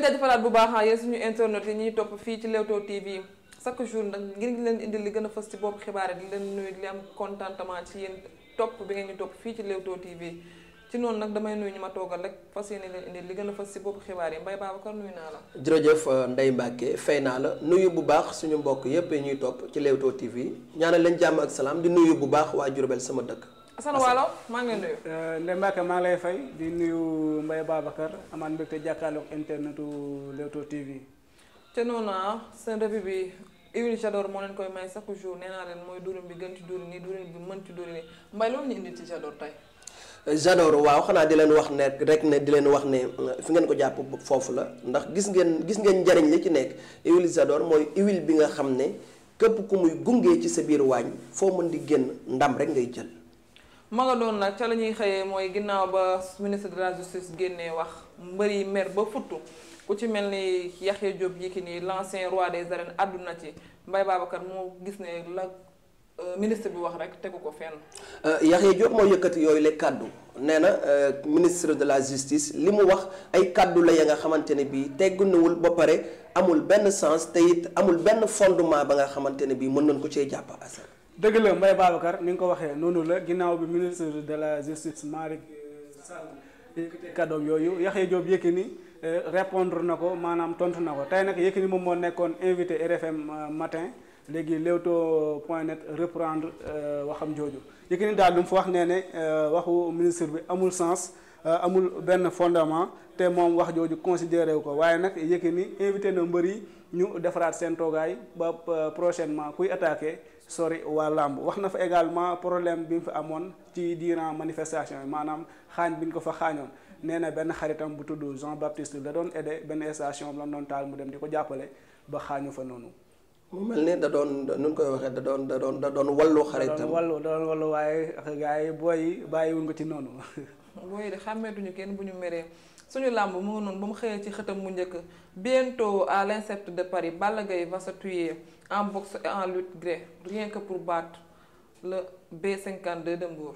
leen jaajëfalaat bu baax yéen suñu internet ñuy topp fii ci Leewtoo TV chaque jour nag ngir leen indil li gën a fës ci bopp xibaar yi di leen nuyu di yéen topp bi ngeen ñu topp fii ci Leewtoo TV ci noonu nag damay nuyu ñu ma toogal rek fas yéene leen li gën a fës ci bopp xibaar yi Mbaye Babacar nuyu naa la. jërëjëf euh, Ndeye Mbacke fay naa la nuyu bu baax suñu mbokk yépp ñuy topp ci Leewtoo TV ñaana leen jàmm ak salaam di nuyu bu baax waa Diourbel sama dëkk. Assane Waalo maa ngi lay nuyu. Demba euh, maa lay fay di nuyu Mbaye Babacar amaan mbégte jàkkaarloog internetu Leewtoo TV. te noonu ah, seen revue bi huile Jador moo leen koy may chaque jour nee naa mooy durin bi gën ci durin nii mën ci durin nii Mbaye loolu ñu indi ci Jador leen wax ne rek ne di leen wax ne euh, fi ngeen ko jàpp foofu la ndax gis ngeen gis ngeen njariñ li ci nekk huile Jador mooy huile bi nga xam ne képp ku muy gunge ci sa biir waañ foo mën di génn ndam rek ngay jël. ma doon nag ca la ñuy xëyee mooy ginnaaw ba ministre de la justice génnee wax mbëri yi mer ba futtu ku ci mel ni Yaxya Diop Yékini l'ancien roi des arènes àdduna ci Mbaye Babacar moo gis ne la euh, ministre bi wax rek tegu ko fenn. Euh, Yaxya Diop moo yëkkati yooyu la kàddu nee na euh, ministre de la justice li mu wax ay kàddu la ya nga xamante ne bii teggunuwul ba pare amul benn sens te it amul benn fondement ba nga xamante ne bii mën nañ ko cee jàpp asal dëgg la Mbaye Babacar ni nga ko waxee noonu la ginnaaw bi ministre de la justice Malick euh, Sall yooyu kàddoom yooyu Yaxya Diop Yékini euh, répondre na ko maanaam tontu na ko tey nag ni moom moo nekkoon invité RFM euh, matin léegi Leewtoo point net reprendre waxam jooju Yékini daal lu mu fa wax nee ne waxu ministre bi amul sens amul benn fondement te moom wax jooju considéré wu ko waaye nag ni invité na mbër yi ñu defaraat seen toogaay ba prochainement kuy attaqué. sori waa làmb wax na fa également problème bi mu fa amoon ci diiran manifestation yi maanaam xaañ bi ñu ko fa xaañoon nee na benn xaritam bu tudd Jean Baptiste da doon aidé benn station la doon taal mu dem di ko jàppale ba xaañu fa noonu. mel ne da doon nu koy waxee da doon da doon da doon wallu xaritam. da doon wallu da doon wallu waaye gars yi booy yi bàyyiwuñ ko ci noonu. booy de xàmmeetuñu kenn bu ñu meree suñu làmb mu ngi noonu ba mu xëyee ci xëtam mu njëkk bientôt à l'Incept de Paris Balla Gaye va se tuer en boxe et en lutte grecque rien que pour baat la B52 de Mbour.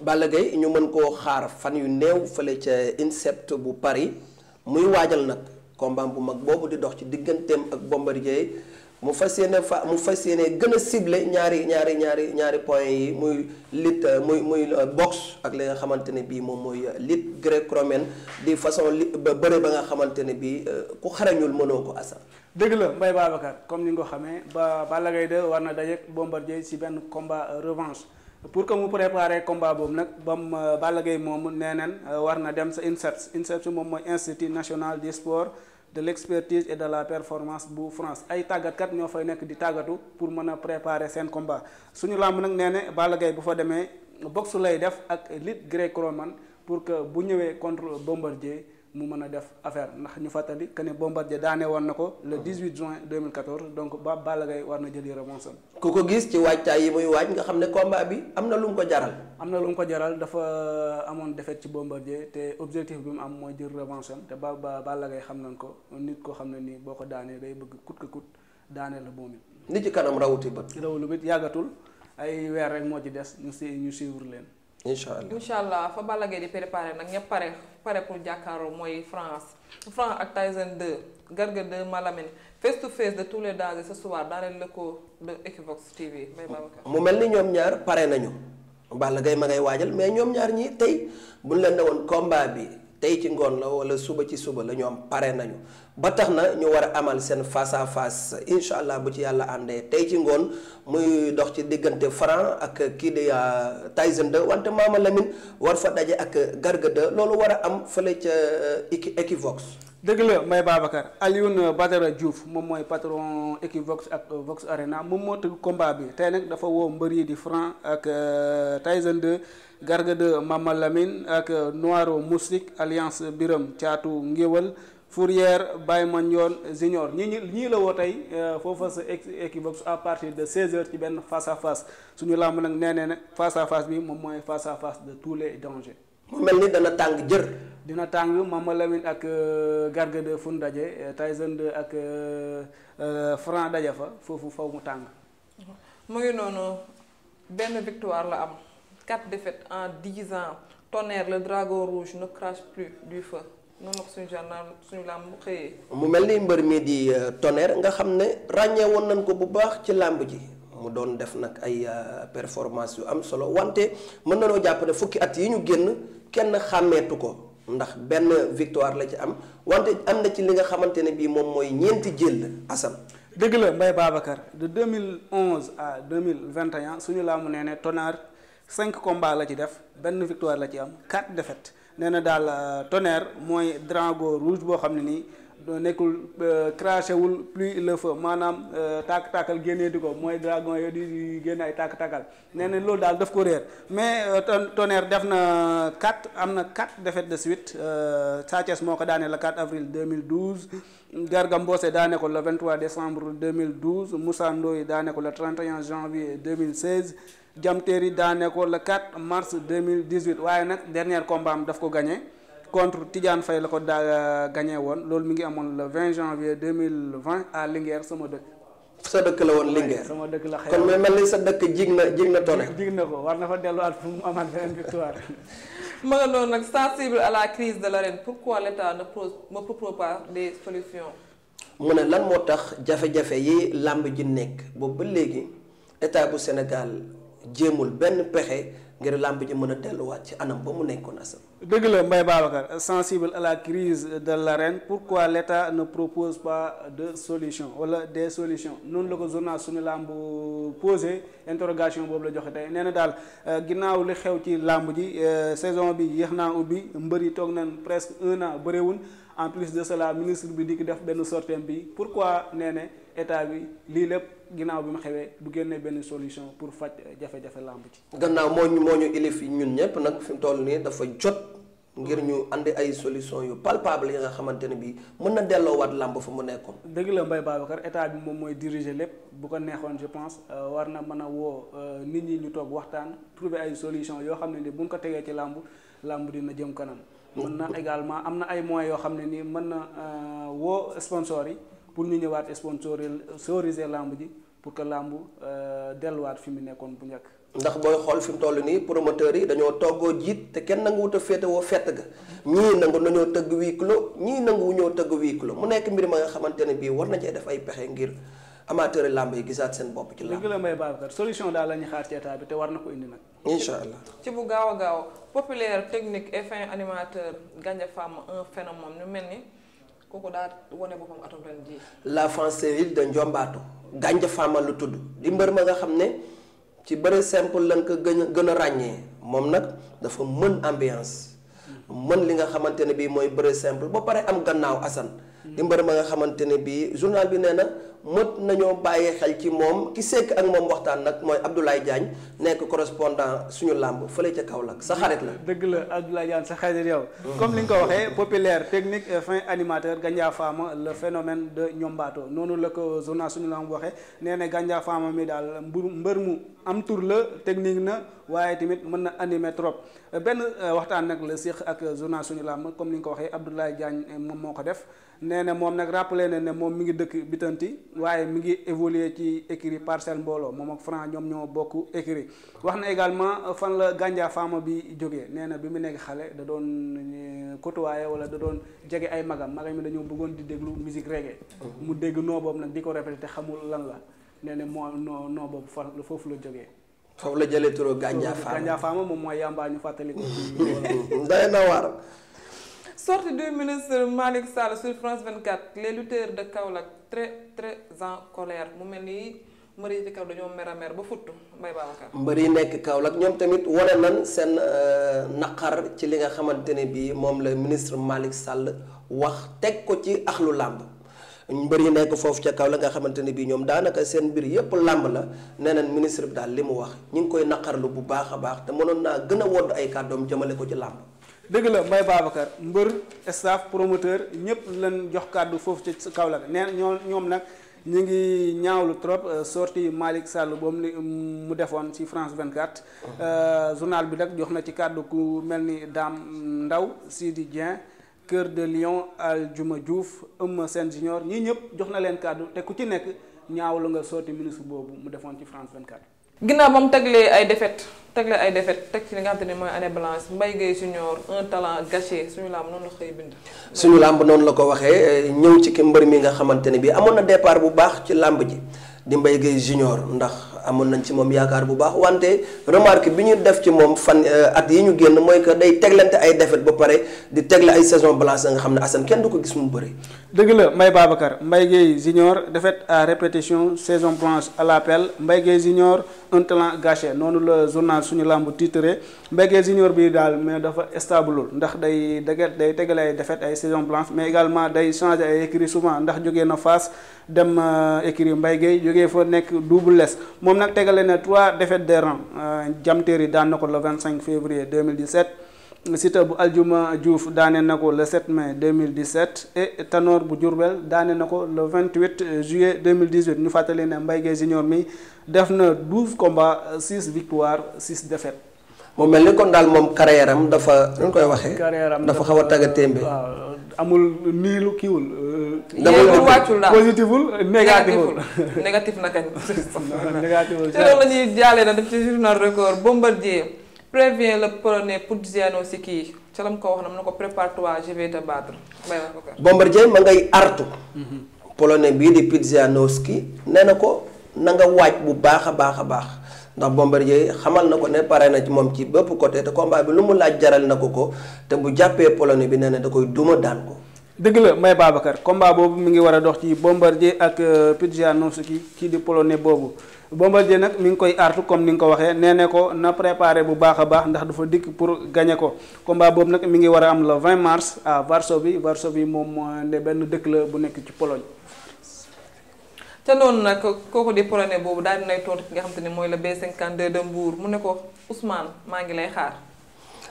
Balla Gaye ñu mën koo xaar fan yu néew fële ca Incept bu Paris muy waajal nag combat bu mag boobu di dox ci digganteem ak Bombardier mu fas yéene fa mu fas yéene gën a ciblé ñaari ñaari ñaari ñaari point yi muy lutte euh, muy muy euh, boxe ak li nga xamante ne bii moom mooy euh, lutte gréco-romaine di façon li bëre ba nga xamante ne bii ku xarañul mënoo ko asal dëgg la Mbaye Babacar comme ni nga ko xamee ba Balla Gaye 2 war na dajeek Bombardier ci benn combat revanche pour que mu préparer combat boobu nag ba mu Balla Gaye moom nee neen war na dem sa INSEPS INSEPS moom mooy institut national du sport de l'expertise et de la performance bu France ay tàggatkat ñoo fay nekk di tàggatu pour mën a préparer seen combat suñu làmb nag nee ne Balla bu fa demee boxe lay def ak lutte gréco man pour que bu ñëwee contre Bombardier mu mën a def affaire ndax ñu fàttali que ne Bombardier daane woon na ko le 18 juin 2014 donc ba Balla Gaye war na jëli revanche am ku ko gis ci waajtaay yi muy waaj nga xam ne combat bi am na lu mu ko jaral am na lu mu ko jaral dafa amoon défaite ci Bombardier te objectif bi mu am mooy jël revanche te ba ba Balla Gaye xam nañ ko nit koo xam ne nii boo ko daanee day bëgg kut ka kut daanee la moom it ni ci kanam rawuti bët rawulu bit yàggatul ay weer rek moo ci des ñu si ñu suivre leen incha allah incha allah fa Balla Gaye di préparé nag ñëpp pare pare pour jàkkaarloo mooy France France ak Tyson de Garga de Malamine face to face de tous les dangers ce soir dans les locaux de Equivox TV. mu mel ni ñoom ñaar pare nañu Balla Gaye ma ngay waajal mais ñoom ñaar ñi tey buñ leen ne woon combat bi. tey ci ngoon la wala suba ci suba la ñoom pare nañu ba tax na ñu war a amal seen face à face incha allah bu ci yàlla àndee tey ci ngoon muy dox ci diggante Franc ak kii di euh, Tyson de wante Mama Lamine war fa daje ak Garga loolu war a am fële ca euh, Equivox. dëgg la may Babacar Alioune Badara Diouf moom mooy patron Equivox ak Vox Arena moom moo tëgg combat bi tey nag dafa woo mbër yi di Franc ak euh, Tyson 2. Garga de Mama Lamine ak Noiro Moustique Alliance Biram Caatu Ngéwal Fourière Baye Mandione Junior ñi ñii la woo tey euh, foofa sa Equivox à partir de 16h ci benn face à face suñu làmb nag nee ne face à face bi moom mooy face à face de tous les dangers. mu mel ni dana tàng jër. dina tàng Mama Lamine ak euh, Garga de fu daje euh, Tyson de ak Franc daje fa foofu faw mu tàng mu ngi noonu benn victoire la am. quatre défaites en dix ans tonnerre le dragon rouge ne crache plus du feu noonu la ko suñu journal suñu mu mel ni mbër mi di euh, tonnerre nga xam ne ràññee woon nañ ko bu baax ci làmb ji. mu doon def nag ay euh, performance yu am solo wante mën na noo jàpp fukki at yi ñu génn kenn xàmmeetu ko ndax benn victoire la ci am wante am na ci li nga xamante ne bii moom mooy ñeenti jël asam dëgg la Mbaye Babacar de 2011 à 2021 suñu laamu nee ne Tonnerre cinq combats la ci def benn victoire la ci am quatre défaites nee na daal euh, tonnerre mooy dragon rouge boo xam ne nii euh, nekkul euh, craché wul pluie le feu maanaam tàkk-tàkkal génnee di ko mooy dragon yooyu di génne ay tàkk-tàkkal nee na loolu daal daf ko réer mais tonnerre def na quatre am na quatre défaites de suite Sa Thiès moo ko daane le 4 avril 2012 Garga Mbossé daane ko le 23 décembre 2012 Moussa Ndoye daane ko le 31 janvier 2016 yi daane ko le 4 mars 2018 waaye nag dernier combat am daf ko gagné contre Tidiane fay la ko daa euh, gagné woon loolu mi ngi amoon le 20 janvier 2020 à Linguère sama dëkk. sa dëkk la woon Linguère sama dëkk la xëy kon mais mel ni sa dëkk jig na jig na tone jig na ko war na fa delluwaat fu mu amaat beneen victoire ma nga noonu nag sensible à la crise de l'arène pourquoi l'état ne pro ne propose pas des solutions mu ne lan moo tax jafe-jafe yi làmb ji nekk boobu ba léegi état bu Sénégal jéemul benn pexe ngir làmb ji mën a delluwaat ci anam ba mu nekkoon asam. dëgg la Mbaye Babacar sensible à la crise de l'arène pourquoi l'État ne propose pas de solution wala des solutions noonu la ko journal suñu làmb posé interrogation boobu la joxe tey nee na daal euh, ginnaaw li xew ci làmb ji euh, saison bi yéex naa ubbi mbër yi toog nañ presque un an bëriwul. en plus de sella ministre bi di ki def benn sorteem bi pour nee ne état bi lii lépp ginnaaw bi mu xewee du génne benn solution pour faj jafe-jafe làmb ci gannaaw moo ñu moo ñu ilif ñun ñëpp nag fi mu toll nii dafa jot ngir ñu andi ay solution yu palpable yi nga xamante ne bii mën na delloowaat làmb fa mu nekkoon. dëgg la Mbaye Babacar état bi moom mooy diriger lépp bu ko neexoon je pense euh, war na mën a woo euh, nit ñi ñu toog waxtaan trouver ay solution yoo xam ne ni buñ ko tegee ci làmb làmb dina jëm kanam. mën na également am na ay moyens yoo xam ne nii mën na euh, woo sponsors yi pour ñu ñëwaat sponsoriser lamb ji pour que lamb euh, delluwaat fi mu nekkoon bu njëkk. ndax booy xool fi mu toll nii promoteurs yi dañoo toggoo jiit te kenn nanguwut a féetewoo fett ga ñii nangu nañoo tëgg huis clos ñii nanguwuñoo tëgg huis clos mu nekk mbir ma nga xamante ne bii war nañ cee def ay pexe ngir. amateur làmb yi gisaat seen bopp ci làmb. dëgg la may Babacar solution daal la ñu xaar ci état bi te war na ko indi nag. bu gaaw a gaaw populaire technique et fin animateur Gandia Fama un phénomène ñu mel ni kooku daa wane boppam atum ren ji. la France série de Ndiombato Gandia Fama lu tudd di mbër ma nga xam ne ci bëre simple lañ ko gën a gën a ràññee moom nag dafa mën ambiance mën li nga xamante ne bii mooy bëre simple ba pare am gannaaw Assane. di mbër ma nga xamante ne bii journal bi nee na mot nañoo bàyyi xel ci moom ki sekk ak moom waxtaan nag mooy Abdoulaye Diagne nekk correspondant suñu làmb fële ca Kaolack sa xarit la. dëgg la Abdoulaye Diagne sa xarit yow. comme li nga ko waxee populaire technique fin animateur Gandia Fama le phénomène de noonu la ko journal suñu làmb waxee nee na Gandia Fama mi daal mbër mbër mu am tur technique na waaye tamit mën na animer trop benn euh, waxtaan nag la séq ak journal suñu làmb comme ni nga ko waxee Abdoulaye Diagne moom moo ko def. nee na moom nag rappelé na ne moom mi ngi dëkk Bitanti waaye mi ngi évoluer ci écurie Parcelles Mbooloo moom ak Franc ñoom ñoo bokk écurie wax na également fan la Gandia Fama bi jóge nee na bi mu nekk xale da doon eh, côtoyé wala da doon jege ay magam magam mi dañoo bëggoon di déglu musique reggae. Mhm. mu dégg noo boobu nag di ko répété xamul lan la nee na moo noo noo boobu fan foofu la jógee. foofu la jëlee turu Gandia Fama Fama moom mooy yàmbaa ñu fàttali day na sortie du ministre Malick Sall sur France 24 les lutteurs de Kaolack très très en colère mu mel ni mbër yi ci kaw dañoo mer a mer ba futtu Mbaye Babacar. mbër yi nekk Kaolack ñoom tamit wane nan seen euh, naqar ci li nga xamante ne bii moom la ministre Malick sàll wax teg ko ci axlu làmb mbër yi nekk foofu ca kaw nga xamante ne bii ñoom daanaka seen mbir yépp làmb la nee nañ ministre bi daal li mu wax ñu ngi koy naqarlu bu baax a baax te mënoon naa gën a wodd ay kàddoom jëmale ko ci làmb. dëgg la Mbaye Babacar mbër staff promoteur ñëpp lañ jox kàddu foofu ci Kaolack neen ñoom ñoom nag ñu ngi ñaawlu trop euh, sorti Malick Sall boobu ni mm, mu defoon ci France vingt 24. Uh-huh. Euh, journal bi nag jox na ci kàddu ku mel ni Dame Ndaw di Dieng kër de Lion Aljuma Diouf Eumeu Sène Junior ñii ñëpp jox na leen kàddu te ku ci nekk ñaawlu nga sorti ministre boobu mu defoon ci France 24. ginnaaw ba mu teglee ay défaite teg la ay défaite teg ci li nga xamante ne mooy année blanche Mbaye Guèye Junior un talent gâché suñu làmb noonu la xëy bind. suñu làmb noonu ko waxee ñëw ci ki mbër mi nga xamante ne bii amoon na départ bu baax làmb ji di Mbaye Guèye ndax amoon nañ ci moom yaakaar bu baax wante remarque bi ñu def ci moom fan euh, at yi ñu génn mooy que day teglante ay défaite ba pare di tegle ay saison blanche nga xam ne Assane kenn du ko gis mu bëri. dëgg la Mbaye Babacar Mbaye Guèye Junior défaite à saison blanche à l'appel Mbaye Guèye Junior un talent gâché suñu làmb titré Mbengue junior bi daal mais dafa stable ndax day dëgg day tegale ay défaite ay saison blanche mais également day changer ay écrit souvent ndax jógee na Fass dem euh, écrit Mbengue jóge fa nekk double les moom nag tegale na trois défaites de rang jamteer euh, yi daan na ko la le 25 février 2017 Siteu bu Aljuma Diouf daane na ko le 7 mai 2017 et Tanor bu Diourbel daane na ko le 28 juillet 2018 ñu fàttali ne Mbaye Guèye junior mi def na 12 combats 6 victoires 6 défaites. mu mel ni kon daal moom carrière am dafa nu koy waxee. carrière dafa xaw a tagga témbe amul niilu kiiwul. Euh, damay wàccul daal positiful négatiful négatif na kañ. négatiful te la ñuy jàllee na def ci journal record Bombardier. préviens le polonais Pudzianowski yi ca la mu ko wax na mu ne ko prépare toi je vais te battre Bombardier ma ngay artu polonais bii di Pudzianowski nee na ko na nga waaj bu baax a baax a baax ndax Bombardier xamal na ko ne pare na ci moom ci bépp côté te combat bi lu mu laaj jaral na ko ko te bu jàppee polonais bi nee na da koy duma daan ko dëgg la Mbaye Babacar combat boobu mi ngi war a dox ci Bombardier ak euh, Pudzianowski kii di polonais boobu Bombardier nag mi ngi koy artu comme ni nga ko waxee nee ne ko na préparé bu baax a baax ndax dafa dikk pour gagné ko combat boobu nag mi ngi war a am la 20 mars à Varsovie Varsovie moom mooy benn dëkk la bu nekk ci Pologne. te noonu nag kooku di polonais boobu daal dinay tontu ki nga xam te ne mooy le B52 de buur mu ne ko usmaan maa ngi lay xaar.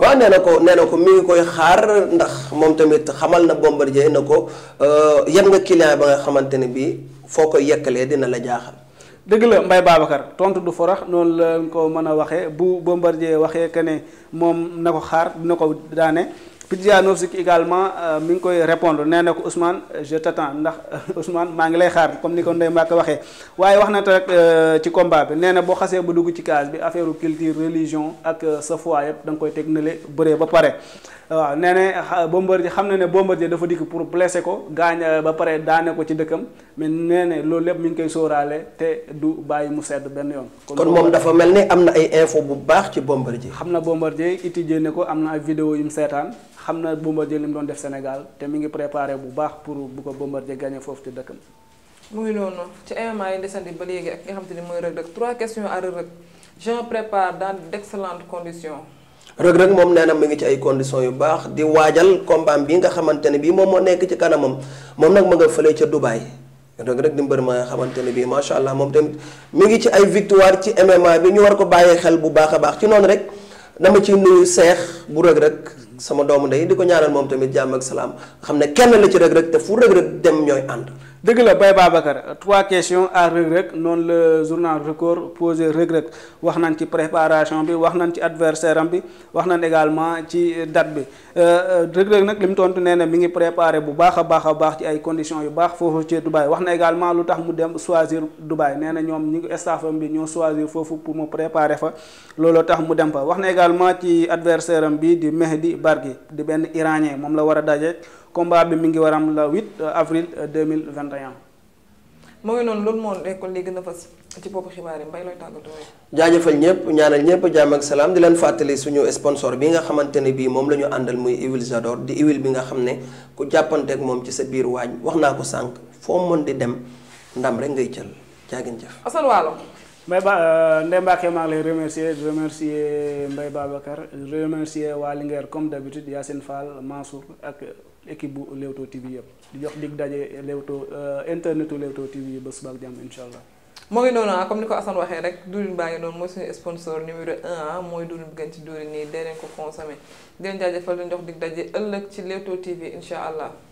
waaw nee ne ko nee na ko mi ngi koy xaar ndax moom tamit xamal na Bombardier na ko euh, yan nga client ba nga xamante ne bii foo koy yekkalee dina la jaaxal. dëgg la Mbaye Babacar tontu du forax noonu la ko mën a waxee bu Bombardier waxee que ne moom na ko xaar dina ko daane Pudzianowski également euh, mi ngi koy répondre nee na ko Ousmane je t'attends ndax Ousmane maa ngi lay xaar comme ni ko Ndeye Mbacke waxee waaye wax na te rek euh, ci combat bi nee na boo xasee ba dugg ci case bi affaire culture religion ak euh, sa fois yëpp da nga koy teg nale bëree ba pare waaw nee na Bombardier xam na ne Bombardier dafa dikk pour blesser ko gaañ euh, ba pare daane ko ci dëkkam mais nee na loolu lépp mi ngi koy sóoraale te du bàyyi mu sedd benn yoon. kon moom dafa mel ni am na ay info bu baax ci Bombardier. xam na Bombardier étudier ne ko am na ay vidéo mu seetaan xam na Bombardier li mu doon def Sénégal te mi ngi préparé bu baax pour bu ko Bombardier gagné foofu ci dëkkam. mu ngi noonu ci MMA yi desandi ba léegi ak nga xam te ne mooy Reug Reug trois questions à Reug Reug je me prépare Reug Reug moom nee na mi ngi ci ay condition yu baax di waajal combat bi nga xamante ne bii moom moo nekk ci kanamam moom nag ma nga fële ca Dubaay Reug Reug di mbër ma nga xamante ne bii macha allah moom tamit mi ngi ci ay victoire ci MMA bi ñu war ko bàyyee xel bu baax a baax ci noonu rek dama ci nuyu seex bu Reug Reug sama doomu ndey di ko ñaaral moom tamit jàmm ak salaam xam ne kenn la ci Reug Reug te fu Reug Reug dem ñooy ànd. dëgg la Baye Babacar trois questions à Reug noonu la journal record posé Reug Reug wax nañ ci préparation bi wax nañ ci adversaire bi wax nañ également ci date bi euh, euh, Reug Reug nag li mu tontu nee na mi ngi préparé bu baax a baax a baax ci ay conditions yu baax foofu ci Dubaï wax na également lu tax mu dem choisir Dubaï nee na ñoom ñi ngi staff bi ñoo choisir foofu pour mu préparer fa looloo tax mu dem fa wax na également ci adversaire am bi di Mehdi Bargi di benn iranien moom la war a daje. combat bi mi ngi war am le 8 euh, avril 2021. Euh, mu ngi noonu loolu moo nekkoon li gën a fas ci boppu xibaar yi mbay looy tàggatoo jaajëfal ñëpp ñaanal ñëpp jàmm ak salaam di leen fàttali suñu sponsor bi nga xamante ne moom la ñu àndal muy huile J'adore di huile bi nga xam ne ku jàppanteeg moom ci sa biir waañ wax naa ko sànq foo mën di dem ndam rek ngay jël jaagin jëf. asal waalo. Mbaye Ba euh, Ndeye Mbacke maa ngi lay remercier di remercier Mbaye Babacar remercier waa Linguère comme d'habitude Yacine Fall Mansour ak équipe bu Leewtoo TV yëpp di jox digg daje Leewtoo euh, internetu Leewtoo TV ba suba ak jàmm incha allah. moo ngi noonu ah, comme ni ko Assane waxee rek diwlin baa ngi noonu mooy suñu sponsor numéro un ah mooy diwlin bi gën ci diwlin nii dee leen ko consommé di leen jaajëfal di jox dig daje ëllëg ci Leewtoo TV incha allah.